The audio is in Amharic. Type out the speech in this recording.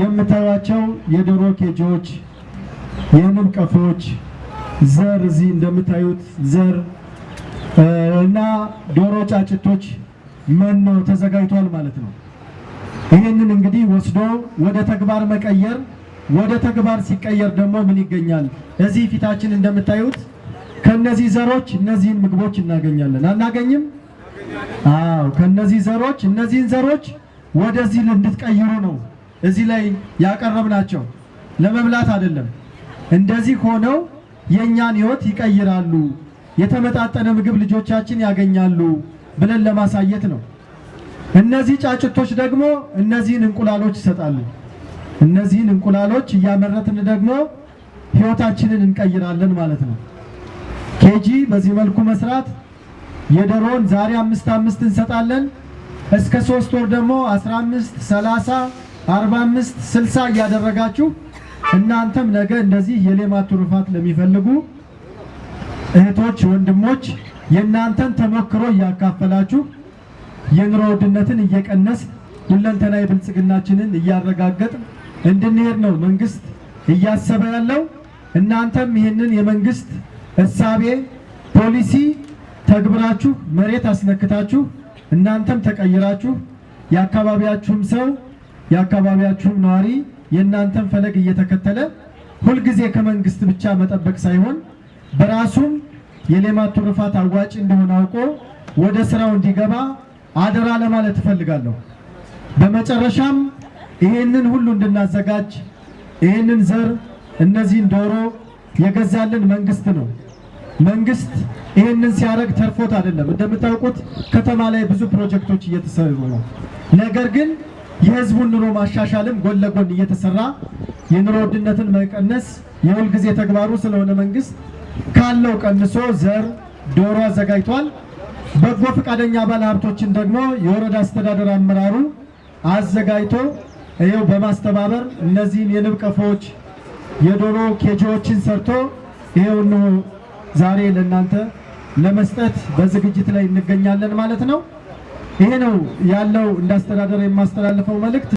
የምታዩቸው የዶሮ ኬጆች፣ የንብ ቀፎች፣ ዘር እዚህ እንደምታዩት ዘር እና ዶሮ ጫጭቶች መኖ ተዘጋጅቷል ማለት ነው። ይህንን እንግዲህ ወስዶ ወደ ተግባር መቀየር፣ ወደ ተግባር ሲቀየር ደግሞ ምን ይገኛል? እዚህ ፊታችን እንደምታዩት ከነዚህ ዘሮች እነዚህን ምግቦች እናገኛለን። አናገኝም? አዎ፣ ከነዚህ ዘሮች እነዚህን ዘሮች ወደዚህ እንድትቀይሩ ነው እዚህ ላይ ያቀረብናቸው ለመብላት አይደለም። እንደዚህ ሆነው የእኛን ህይወት ይቀይራሉ፣ የተመጣጠነ ምግብ ልጆቻችን ያገኛሉ ብለን ለማሳየት ነው። እነዚህ ጫጭቶች ደግሞ እነዚህን እንቁላሎች ይሰጣሉ። እነዚህን እንቁላሎች እያመረትን ደግሞ ህይወታችንን እንቀይራለን ማለት ነው። ኬጂ በዚህ መልኩ መስራት የደሮን ዛሬ አምስት አምስት እንሰጣለን። እስከ ሶስት ወር ደግሞ አስራ አምስት ሰላሳ 45 60 እያደረጋችሁ እናንተም ነገ እንደዚህ የሌማት ትሩፋት ለሚፈልጉ እህቶች ወንድሞች የእናንተን ተሞክሮ እያካፈላችሁ የኑሮ ውድነትን እየቀነስ ሁለንተናዊ ብልጽግናችንን እያረጋገጥ እንድንሄድ ነው መንግስት እያሰበ ያለው። እናንተም ይህንን የመንግስት እሳቤ ፖሊሲ ተግብራችሁ መሬት አስነክታችሁ እናንተም ተቀይራችሁ የአካባቢያችሁም ሰው የአካባቢያችሁ ነዋሪ የእናንተን ፈለግ እየተከተለ ሁልጊዜ ከመንግስት ብቻ መጠበቅ ሳይሆን በራሱም የሌማት ትሩፋት አዋጭ እንደሆነ አውቆ ወደ ስራው እንዲገባ አደራ ለማለት እፈልጋለሁ። በመጨረሻም ይህንን ሁሉ እንድናዘጋጅ ይህንን ዘር እነዚህን ዶሮ የገዛልን መንግስት ነው። መንግስት ይህንን ሲያደርግ ተርፎት አይደለም። እንደምታውቁት ከተማ ላይ ብዙ ፕሮጀክቶች እየተሰሩ ነው። ነገር ግን የህዝቡን ኑሮ ማሻሻልም ጎን ለጎን እየተሰራ የኑሮ ውድነትን መቀነስ የሁልጊዜ ተግባሩ ስለሆነ መንግስት ካለው ቀንሶ ዘር፣ ዶሮ አዘጋጅቷል። በጎ ፈቃደኛ ባለሀብቶችን ደግሞ የወረዳ አስተዳደር አመራሩ አዘጋጅቶ ይኸው በማስተባበር እነዚህን የንብ ቀፎዎች፣ የዶሮ ኬጂዎችን ሰርቶ ይኸው ዛሬ ለእናንተ ለመስጠት በዝግጅት ላይ እንገኛለን ማለት ነው። ይሄ ነው ያለው እንዳስተዳደር የማስተላልፈው መልእክት።